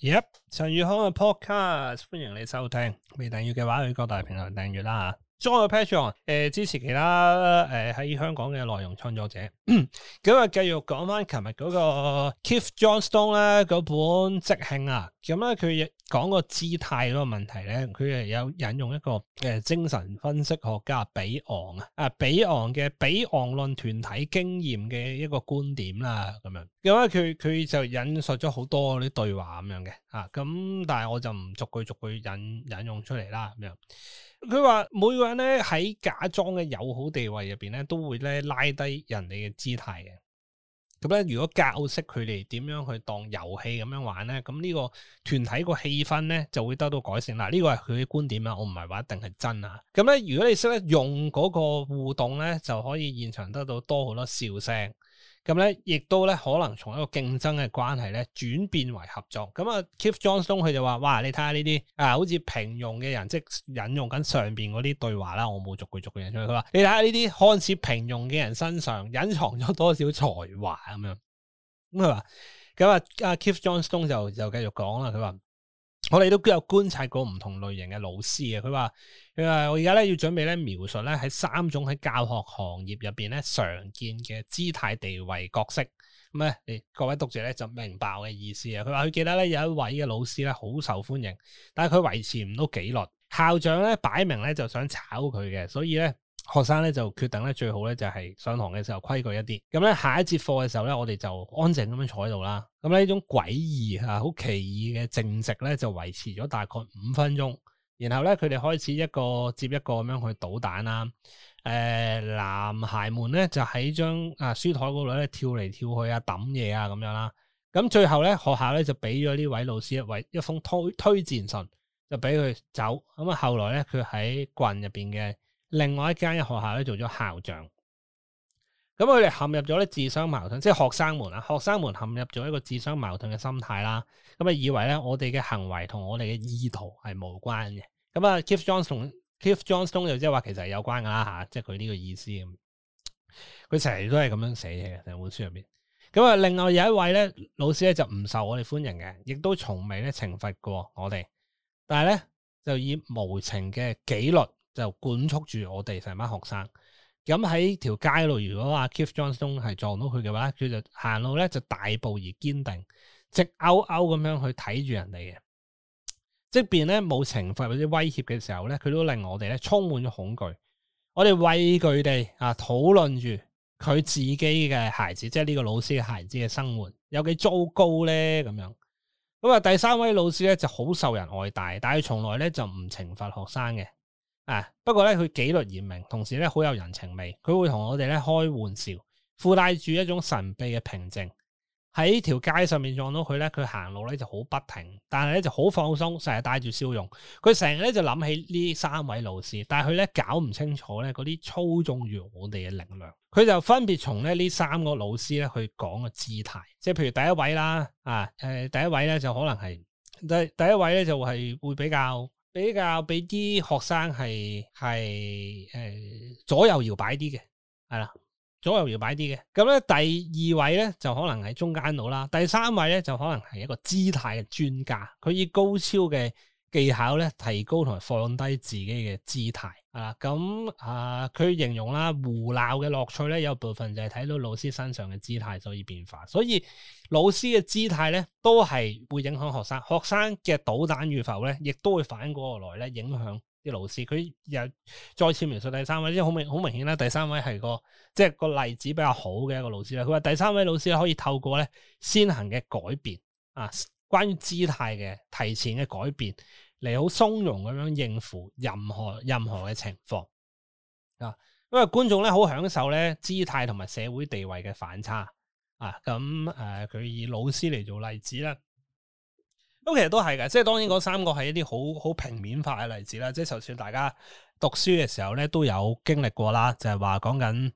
Yep，陳宇康嘅 podcast，歡迎你收聽。未訂閱嘅話，去各大平台訂閱啦 join 個 patron，誒、呃、支持其他誒喺香港嘅內容創作者。咁啊，繼 續講翻琴日嗰個 Keith Johnstone 咧嗰本即興啊，咁咧佢亦講個姿態嗰個問題咧，佢係有引用一個誒精神分析學家比昂啊，啊比昂嘅比昂論團體經驗嘅一個觀點啦，咁樣。咁咧佢佢就引述咗好多啲對話咁樣嘅，啊咁，但係我就唔逐句逐句引引用出嚟啦，咁樣。佢話每個人咧喺假裝嘅友好地位入邊咧，都會咧拉低人哋嘅姿態嘅。咁咧，如果教識佢哋點樣去當遊戲咁樣玩咧，咁呢個團體個氣氛咧就會得到改善啦。呢個係佢嘅觀點啊，我唔係話一定係真啊。咁咧，如果你識得用嗰個互動咧，就可以現場得到多好多笑聲。咁咧，亦都咧可能從一個競爭嘅關係咧轉變為合作。咁啊，Keith Johnstone 佢就話，哇！你睇下呢啲啊，好似平庸嘅人，即係引用緊上邊嗰啲對話啦。我冇逐句逐句嘅出去。佢話，你睇下呢啲看似平庸嘅人身上隱藏咗多少才華咁樣。咁佢話，咁啊，阿 Keith Johnstone 就就繼續講啦。佢話。我哋都有觀察過唔同類型嘅老師嘅，佢話我而家要準備描述喺三種喺教學行業入邊常見嘅姿態、地位、角色。嗯，各位讀者就明白我嘅意思啊！佢話佢記得有一位嘅老師好受歡迎，但係佢維持唔到紀律，校長咧擺明咧就想炒佢嘅，所以咧。學生咧就決定咧最好咧就係上堂嘅時候規矩一啲，咁咧下一節課嘅時候咧，我哋就安靜咁樣坐喺度啦。咁呢種詭異啊、好奇異嘅靜寂咧就維持咗大概五分鐘，然後咧佢哋開始一個接一個咁樣去搗蛋啦、啊。誒、呃、男孩們咧就喺張啊書枱嗰度咧跳嚟跳去啊揼嘢啊咁樣啦。咁最後咧學校咧就俾咗呢位老師一位一封推推薦信，就俾佢走。咁啊後來咧佢喺郡入邊嘅。另外一間嘅學校咧，做咗校長，咁佢哋陷入咗咧自相矛盾，即係學生們啊，學生們陷入咗一個自相矛盾嘅心態啦。咁啊，以為咧我哋嘅行為同我哋嘅意圖係無關嘅。咁啊，Keith Johnstone，Keith Johnstone 就即係話其實係有關噶啦吓，即係佢呢個意思。咁佢成日都係咁樣寫嘅，成本書入邊。咁啊，另外有一位咧老師咧就唔受我哋歡迎嘅，亦都從未咧懲罰過我哋，但係咧就以無情嘅紀律就管束住我哋成班學生。咁喺條街度，如果阿 Keith Johnstone 係撞到佢嘅話，佢就行路咧就大步而堅定，直勾勾咁樣去睇住人哋嘅。即便咧冇懲罰或者威脅嘅時候咧，佢都令我哋咧充滿咗恐懼。我哋畏懼哋啊討論住佢自己嘅孩子，即係呢個老師嘅孩子嘅生活有幾糟糕咧咁樣。咁啊，第三位老師咧就好受人愛戴，但係從來咧就唔懲罰學生嘅。啊！不過咧，佢紀律嚴明，同時咧好有人情味。佢會同我哋咧開玩笑，附帶住一種神秘嘅平靜。喺條街上面撞到佢咧，佢行路咧就好不停，但係咧就好放鬆，成日帶住笑容。佢成日咧就諗起呢三位老師，但係佢咧搞唔清楚咧嗰啲操縱於我哋嘅力量。佢就分別從咧呢三個老師咧去講嘅姿態，即係譬如第一位啦，啊，誒、呃，第一位咧就可能係第第一位咧就係會比較。比較畀啲學生係係誒左右搖擺啲嘅，係啦，左右搖擺啲嘅。咁咧第二位咧就可能喺中間度啦，第三位咧就可能係一個姿態嘅專家，佢以高超嘅技巧咧提高同埋放低自己嘅姿態。係咁啊，佢、嗯、形容啦，胡鬧嘅樂趣咧，有部分就係睇到老師身上嘅姿態所以變化，所以老師嘅姿態咧，都係會影響學生，學生嘅搗蛋與否咧，亦都會反過來咧影響啲老師。佢又再次描述第三位，即係好明好明顯啦。第三位係個即係個例子比較好嘅一個老師啦。佢話第三位老師可以透過咧先行嘅改變啊，關於姿態嘅提前嘅改變。嚟，好鬆容咁樣應付任何任何嘅情況啊，因為觀眾咧好享受咧姿態同埋社會地位嘅反差啊，咁誒佢以老師嚟做例子啦，咁其實都係嘅，即係當然嗰三個係一啲好好平面化嘅例子啦，即係就算大家讀書嘅時候咧都有經歷過啦，就係話講緊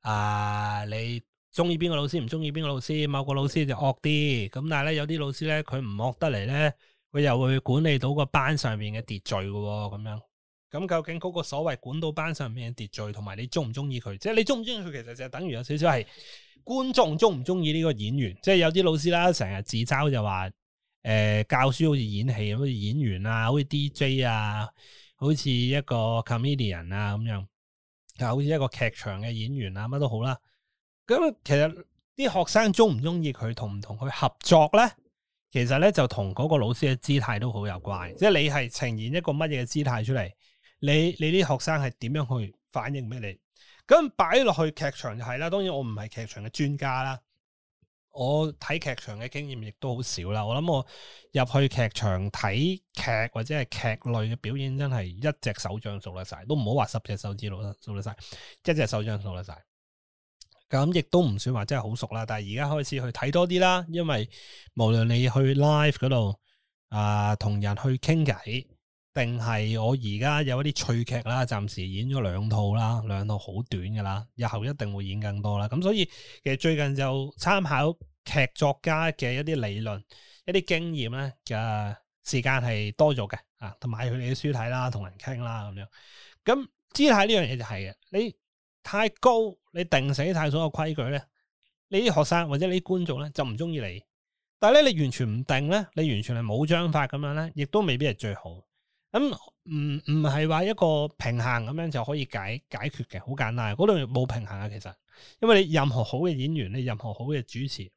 啊，你中意邊個老師唔中意邊個老師，某個老師就惡啲，咁但係咧有啲老師咧佢唔惡得嚟咧。佢又會管理到個班上面嘅秩序嘅喎、哦，咁樣咁、嗯、究竟嗰個所謂管到班上面嘅秩序，同埋你中唔中意佢？即係你中唔中意佢，其實就等於有少少係觀眾中唔中意呢個演員。即係有啲老師啦，成日自嘲就話誒、呃、教書好似演戲，好似演員啊，好似 DJ 啊，好似一個 comedian 啊咁樣，又好似一個劇場嘅演員啊，乜都好啦。咁其實啲學生中唔中意佢，同唔同佢合作咧？其實咧就同嗰個老師嘅姿態都好有關，即係你係呈現一個乜嘢嘅姿態出嚟，你你啲學生係點樣去反應俾你？咁擺落去劇場就係啦，當然我唔係劇場嘅專家啦，我睇劇場嘅經驗亦都好少啦。我諗我入去劇場睇劇或者係劇類嘅表演，真係一隻手掌數得晒，都唔好話十隻手指數得晒，一隻手掌數得晒。咁亦都唔算話真係好熟啦，但係而家開始去睇多啲啦，因為無論你去 live 嗰度啊，同、呃、人去傾偈，定係我而家有一啲趣劇啦，暫時演咗兩套啦，兩套好短噶啦，日後一定會演更多啦。咁所以其實最近就參考劇作家嘅一啲理論、一啲經驗咧嘅時間係多咗嘅啊，同埋佢哋嘅書睇啦，同人傾啦咁樣。咁姿態呢樣嘢就係、是、嘅，你。太高，你定死太所有規矩咧，你啲學生或者你啲觀眾咧就唔中意你。但係咧，你完全唔定咧，你完全係冇章法咁樣咧，亦都未必係最好。咁唔唔係話一個平衡咁樣就可以解解決嘅，好簡單，嗰度冇平衡啊。其實，因為你任何好嘅演員，你任何好嘅主持，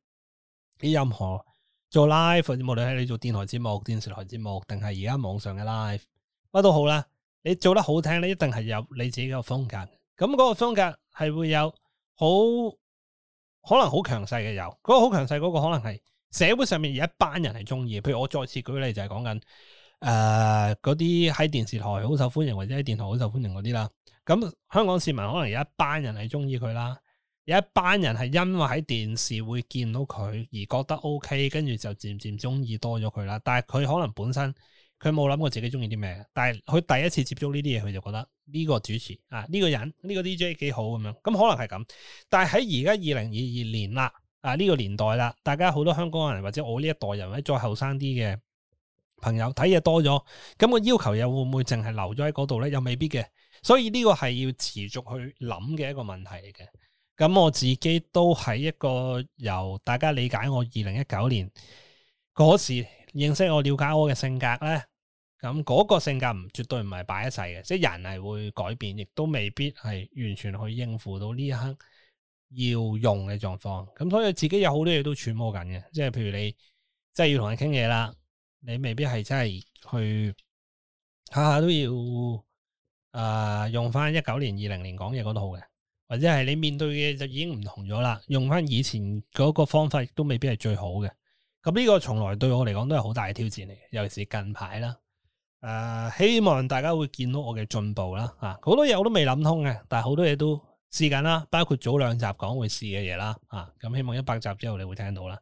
你任何做 live，無論係你做電台節目、電視台節目，定係而家網上嘅 live，乜都好啦，你做得好聽咧，你一定係有你自己嘅風格。咁嗰個風格係會有好可能好強勢嘅有，嗰個好強勢嗰個可能係社會上面有一班人係中意，譬如我再次舉例就係講緊誒嗰啲喺電視台好受歡迎或者喺電台好受歡迎嗰啲啦。咁香港市民可能有一班人係中意佢啦，有一班人係因為喺電視會見到佢而覺得 OK，跟住就漸漸中意多咗佢啦。但係佢可能本身。佢冇諗過自己中意啲咩，但係佢第一次接觸呢啲嘢，佢就覺得呢個主持啊，呢個人呢個 DJ 幾好咁樣，咁可能係咁。但係喺而家二零二二年啦，啊呢個年代啦，大家好多香港人或者我呢一代人或者再後生啲嘅朋友睇嘢多咗，咁我要求又會唔會淨係留咗喺嗰度咧？又未必嘅，所以呢個係要持續去諗嘅一個問題嚟嘅。咁我自己都係一個由大家理解我二零一九年嗰時。認識我、了解我嘅性格咧，咁嗰個性格唔絕對唔係擺一世嘅，即係人係會改變，亦都未必係完全去應付到呢一刻要用嘅狀況。咁所以自己有好多嘢都揣摩緊嘅，即係譬如你即係、就是、要同佢傾嘢啦，你未必係真係去下下都要啊、呃、用翻一九年、二零年講嘢嗰度好嘅，或者係你面對嘅就已經唔同咗啦，用翻以前嗰個方法亦都未必係最好嘅。咁呢個從來對我嚟講都係好大嘅挑戰嚟，尤其是近排啦。誒、呃，希望大家會見到我嘅進步啦。啊，好多嘢我都未諗通嘅，但係好多嘢都試緊啦。包括早兩集講會試嘅嘢啦。啊、咁、啊、希望一百集之後你會聽到啦。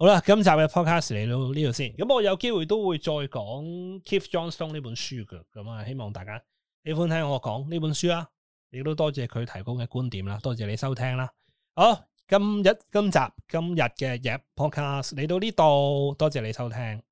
好、啊、啦，今集嘅 podcast 嚟到呢度先。咁、啊、我有機會都會再講 Keith Johnstone 呢本書嘅。咁啊，希望大家喜歡聽我講呢本書啦。亦、啊、都多謝佢提供嘅觀點啦，多謝你收聽啦。好、啊。啊今日今集今日嘅 Yep podcast 嚟到呢度，多謝你收聽。